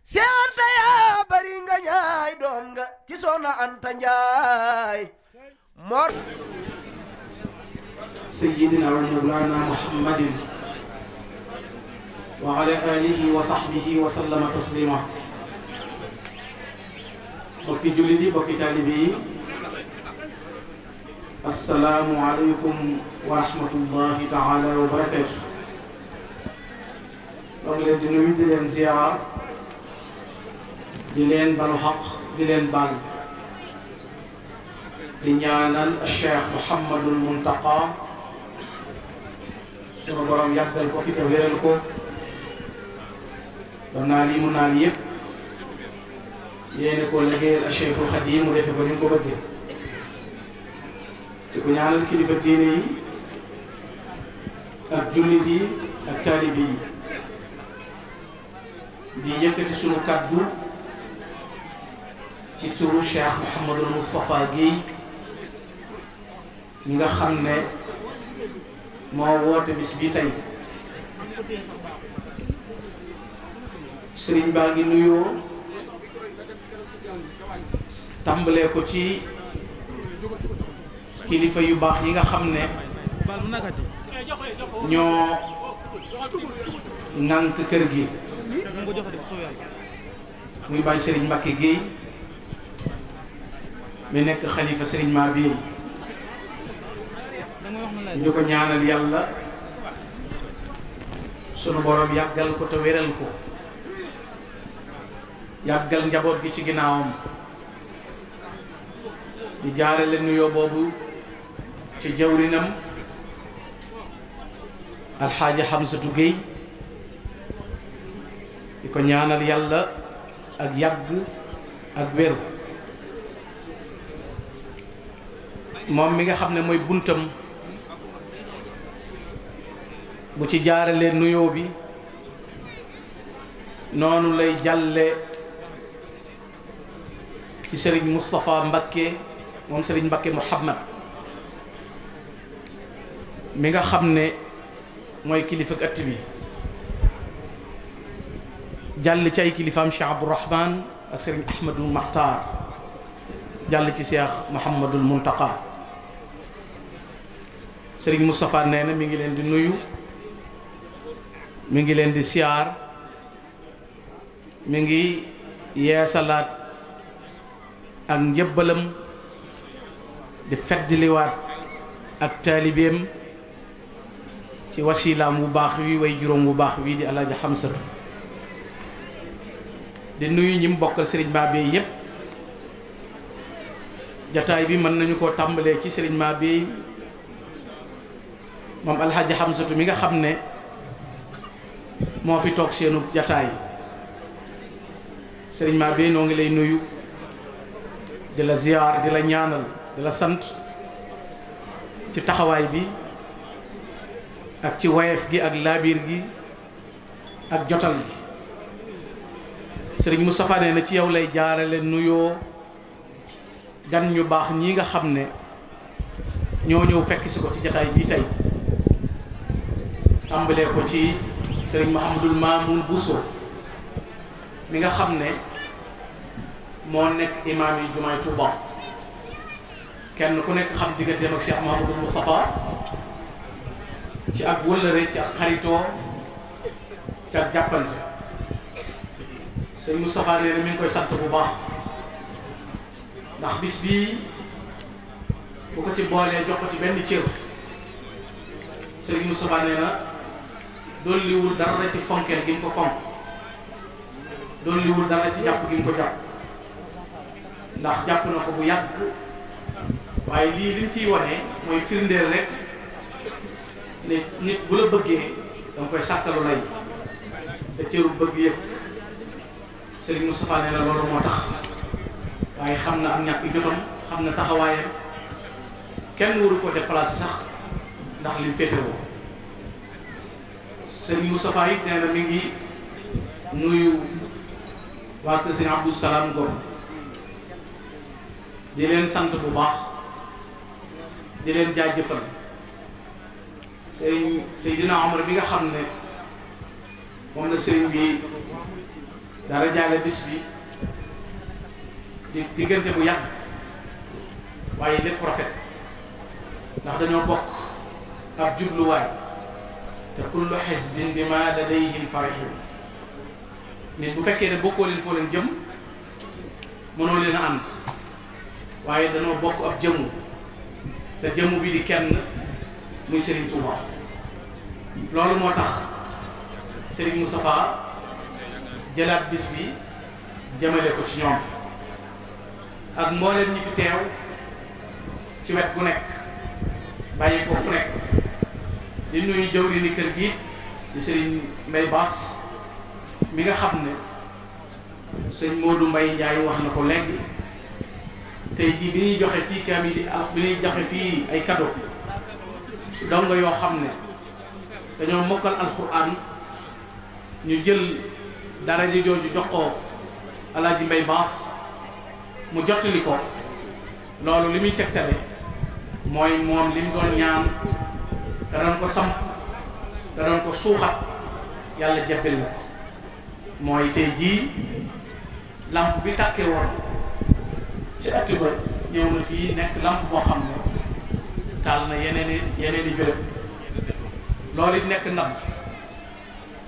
Siarta ya baringanya idom ga cisona antanjay mor Sayyidina wa Mawlana Muhammadin wa ala alihi wa sahbihi wa sallama taslima Bokki julidi bokki talibi Assalamu alaykum ta'ala wa barakatuh Bokki julidi bokki talibi دلين بالحق دلين بال دنيانا الشيخ محمد المنتقى سنو برام يحضر لكو في تغير لكو ونالي منالي يين كو لغير الشيخ الخديم وليفي بلين كو بغير تكون يعني الكلفة الديني الجلدي التالبي دي يكتسون كدو ci turu Cheikh Mouhamadul Moustapha Guèye nga xam ne moo woote bis bi tey sëriñ baa ngi nuyoo tàmbalee ko ci kilifa yu baax yi nga xam ne ñoo ŋànk kër gi muy bàyyi sëriñ Mbacke Guèye mi nekk xalifa sëriñ maa bi ñu ko ñaanal yàlla sunu borom yàggal ko te wéral ko yàggal njaboot gi ci ginnaawam di jaarale nuyoo boobu ci jawrinam alxaaji Xamsatu Géey di ko ñaanal yàlla ak yàgg ak wér moom mi nga xam ne mooy buntam bu ci jaaralee nuyoo bi noonu lay jàlle ci sëriñ Moustapha Mbakke moom sëriñ Mbakke Mouhamad mi nga xam ne mooy kilifa ak ëtt bi jàll ci ay kilifaam Cheikh Abdourahman ak sëriñ Ahmadou Maxtaar jàll ci Cheikh Mouhamadul Muntaqa sëriñ Moustapha nee na mi ngi leen di nuyu mi ngi leen di siyaar mi ngi yeesalaat ak njëbbalam di feddliwaat ak taalibeem ci wasilaam wu baax wi way juróom wu baax wi di alaaji xamsatu di nuyu ñi mu bokkal sëriñ Mabéye yépp jataay bi mën nañu ko tàmbalee ci sëriñ Mabéye moom alxaaji xamsatu mi nga xam ne moo fi toog seenu jataay sëriñ maa bee noo ngi lay nuyu di la ziyaar di la ñaanal di la sant ci taxawaay bi ak ci wayef gi ak laabiir gi ak jotal gi sëriñ Moustapha nee na ci yow lay jaarale nuyoo gan ñu baax ñi nga xam ne ñoo ñëw fekk ko ci jataay bii tey tàmbalee ko ci sëriñ Mouhamadul Mamoun Bousso mi nga xam ne moo nekk imaam yi jumaay Touba kenn ku nekk xam digganteem ak Cheikh Mouhamadul Moustapha ci ak wëllëre ci ak xaritoo ci ak jàppante sëñ Moustapha nee na mi ngi koy sant bu baax ndax bis bii bu ko ci boolee jox ko ci benn cër sëriñ Moustapha nee na dolliwul dara ci fonkeel gi mu ko fonk dolliwul dara ci jàpp gi mu ko jàpp ndax jàpp na ko bu yàgg waaye lii liñ ciy wane mooy firndeel rek ne nit bu la bëggee danga koy sàkkalu lay te cëru bëgg yëpp Serigne Moustapha nee na loolu moo tax waaye xam na ak ñàkk jotam xam na taxawaayam kenn waru ko déplacer sax ndax lim féetewoo sëñ Moustapha it nee na mi ngi nuyu waa kër sëñ Abdou Salam Ngom di leen sant bu baax di leen jaajëfal sëñ Seydina Omar bi nga xam ne moom la sëriñ bi dara jaale bis bi di diggante bu yàgg waaye lépp rafet ndax dañoo bokk ab jubluwaay. te kullu xisbin bi ma ladayhim farihim nit bu fekkee ne bokkoo leen foo leen jëm mënoo leen a ànd waaye danoo bokk ab jëmu te jëm bi di kenn muy Serigne Touba loolu moo tax Serigne Moustapha jëlaat bis bi jëmale ko ci ñoom ak mbooleem ñi fi teew ci wet gu nekk bàyyi ko fu nekk di nuyu jëwri ni kër gi di sëriñ Mbay Baas mi nga xam ne sëñ Modou Mbay Njaay wax na ko léegi te jii bi ñuy joxe fii kaamil yi bi ñuy joxe fii ay cadeau dongo yoo xam ne dañoo mokkal alxuraan ñu jël dara ji jooju jox ko alaaji Mbay Baas mu jottali ko loolu li muy tegtale mooy moom li mu doon ñaan danañ ko samp danañ ko suuxat yàlla jàppale na mooy tey jii làmp bi tàkkee woon ci ëtt ba fii nekk làmp boo xam ne taal na yeneen i yeneen i béréb loolu it nekk ndam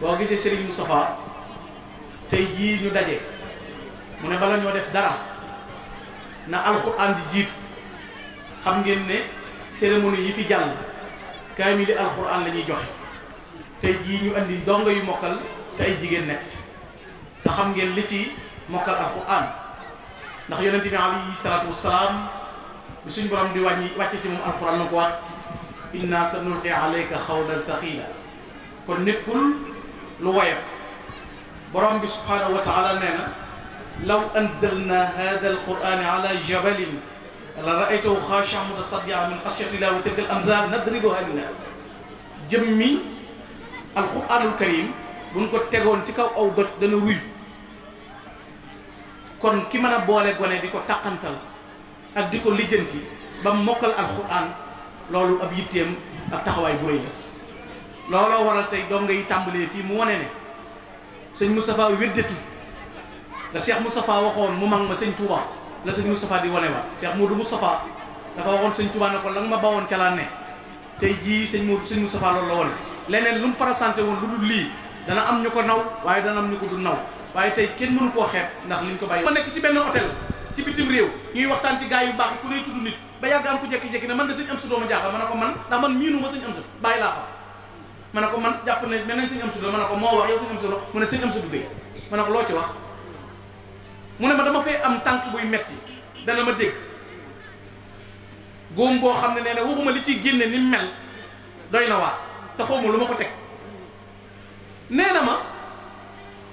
boo gisee Serigne Moustapha tey jii ñu daje mu ne bala ñoo def dara na alxuraan di jiitu xam ngeen ne cérémonie yi fi jàll. كامل القران لاني جوخ تاي جي ني يمكال دونغ يو موكال تاي جيجن نك تا خام نين لي تي موكال القران ناخ يونتي علي الصلاه والسلام سيني بروم دي واني واتي تي القران نكو ان سنلقي عليك خولا ثقيلا كون نيبكول لو ويف بروم سبحانه وتعالى نينا لو انزلنا هذا القران على جبل رأيته خاشعا متصدعا من خشية الله وتلك الأمثال نضربها للناس جمي القرآن الكريم بنكو تيغون تي كاو او بت دا نوي كون كي مانا بولي غوني ديكو تاقانتال اك ديكو لجنتي با موكل القرآن لولو اب يتيم اك تاخواي بوري لا لولو ورال تاي دونغي تامبلي في مو وني سيغ مصطفى ويدتو لا شيخ مصطفى واخون مو ماغ ما سيغ توبا la seigne Moustapha di woné wa Cheikh Moudou Moustapha dafa waxoon seigne touba nako ko ma bawoon ci laa ne tey jii sëñ Moudou seigne Moustapha lolou la wane leneen lum mu présenté woon lu dul dana am ñuko naw waye dana am ñuko du naw waye tay kèn mënu ko xeeb ndax liñ ko bàyyi ma nek ci benn hôtel ci bitim réew ñuy waxtaan ci gaay yu baax ku lay tuddu nit ba yàgg am ku jékki-jékki na man de seigne am su dooma jaaxal ma ne ko man ndax man miinu ma seigne am su bàyyi laa xam ma man japp na menen seigne am su manako mo wax yow seigne am su mo ne seigne am su duggee manako lo ci wax mu ne ma dama fay am tànk buy metti dana ma dégg góom boo xam ne nee na waxuma li ci génne ni mel doy na waar te xaw ma lu ma ko teg nee na ma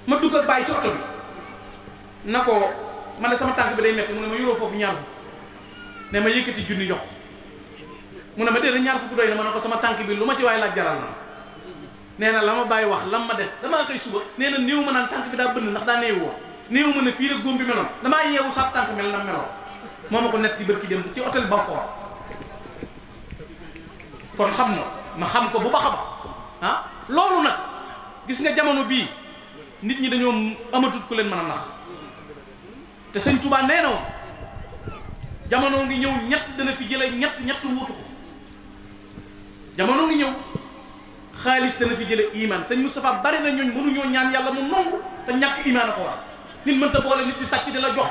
ma dugg ak bàyyi ci oto na ne sama bi day metti mu ne ma yoroo foofu ñaar fukk ne ma yëkkati junni yokk mu ne ma déedéet ñaar fukk doy na ma ne ko sama tànk bi lu ma ci waay laaj jaral na nee na la ma bàyyi wax lam ma def damaa xëy suba nee na néew ma naan tànk bi daa bënn ndax daa néew woon néew mo ne fi la góom bi meloon damaa yeewu sax mel na meloon momako net di dem ci hotel bafor kon xamna na ma xam ko bu baax a ah nak gis nga jamono bi nit ñi dañoo amatut ku leen mëna nax te seigne Touba neena won jamono ngi ñew ñett dana fi jële ñett ñett wutu ko jamono ngi ñew dana fi iman seigne mustapha bari na mënu ñoo ñaan yalla mu nongu te ñak iman ko waral nit mënta boole nit di sàcc di la jox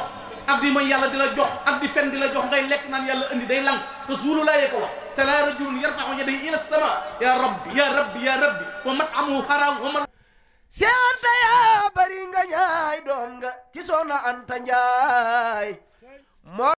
ak di mooy yàlla di la jox ak di fen di la jox ngay lekk naan yàlla indi day lang rasulullahi ko wax te laa rajulun yarfa'u yadayhi ila sama ya rabbi ya rabbi ya rabbi wa mat'amuhu haram wa man seeta yaa bari nga ñaay doon nga ci soxna Anta Njaay